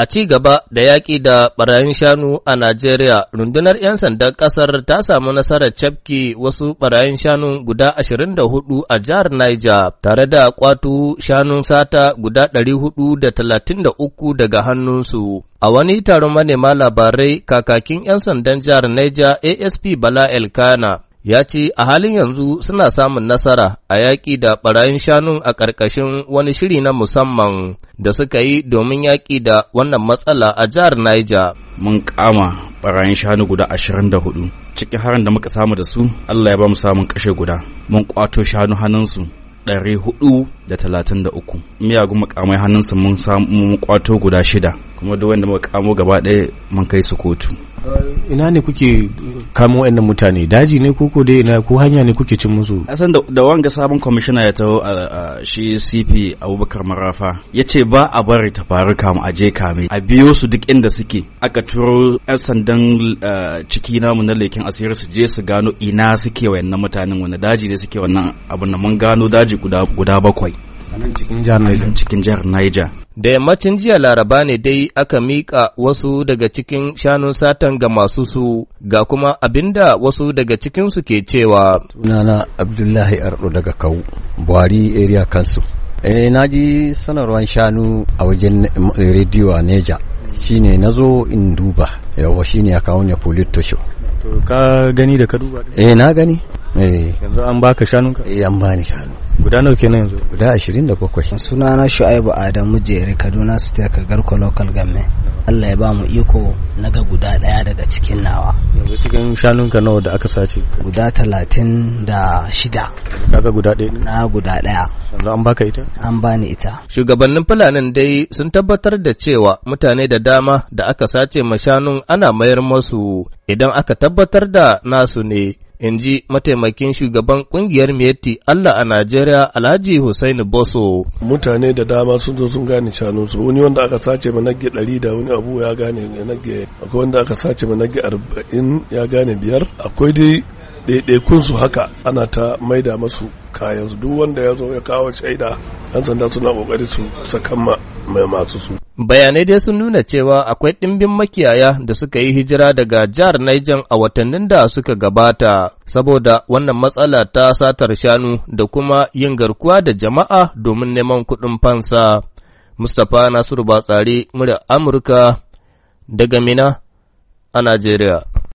A ci gaba da yaƙi da ɓarayin shanu a Najeriya, rundunar 'yan sandan ƙasar ta samu nasarar cafke wasu ɓarayin shanu guda 24 a jihar Niger, tare da ƙwato shanun sata guda 433 daga hannunsu. A wani taron manema labarai, kakakin 'yan sandan jihar Niger ASP Bala Elkana ya ce a halin yanzu suna samun nasara a yaƙi da ɓarayin shanu a ƙarƙashin wani shiri na musamman da suka yi domin yaƙi da wannan matsala a jihar Niger. Mun kama ɓarayin shanu guda ashirin da hudu cikin harin da muka samu da su Allah ya ba mu samun kashe guda mun kwato shanu hannunsu ɗari hudu da talatin da uku miyagun makamai hannunsu mun samu kwato guda shida kuma duk wanda muka kamo gaba ɗaya mun kai su kotu ina ne kuke kamo wa'annan mutane daji ne koko dai ina ko hanya ne kuke cin musu a da, da wanga sabon kwamishina ya taho a shi CP Abubakar Marafa ya ce ba a bari ta faru kamu a je kame a biyo su duk inda suke aka turo yan sandan eh, ciki namu na lekin asiri su je su gano ina suke wa'annan mutanen wani daji ne suke wannan abin na mun gano daji guda bakwai nan cikin jihar Niger cikin jihar Niger da yammacin jiya laraba ne dai aka mika wasu daga cikin shanun satan ga masu su ga kuma abinda wasu daga cikin su ke cewa sunana Abdullahi Ardo daga Kawu Buhari area kansu eh na ji sanarwar shanu a wajen rediyo a Neja ne na zo in duba yawa shi ne kawo ne polito show to ka gani da ka duba eh na gani eh yanzu an baka shanunka eh an bani shanu guda nawa kenan yanzu guda 27 sunana shu'aibu adamu jere kaduna state garko local government Allah ya ba mu iko na ga guda daya daga cikin nawa yanzu cikin shanunka nawa da aka sace guda 36 kaga guda daya na guda daya yanzu an baka ita an bani ita shugabannin fulanin dai sun tabbatar da cewa mutane da dama da aka sace ma shanun ana mayar masu idan aka tabbatar da nasu ne in ji mataimakin shugaban kungiyar Miyetti Allah a Najeriya Alhaji Hussaini Boso. Mutane da dama sun zo sun gane shanunsu, wani wanda aka sace manage ɗari da wani abu ya gane manage, akwai wanda aka sace manage arba'in ya gane biyar, akwai dai ɗaiɗaikunsu haka ana ta maida masu kayan duk wanda ya zo ya kawo shaida an sanda suna ƙoƙari su sakamma mai masu su bayanai dai sun nuna cewa akwai ɗimbin makiyaya da suka yi hijira daga jihar Niger a watannin da suka gabata saboda wannan matsala ta satar shanu da kuma yin garkuwa da jama'a domin neman kuɗin fansa. Mustapha Nasiru Batsari, murya Amurka daga Mina a Najeriya.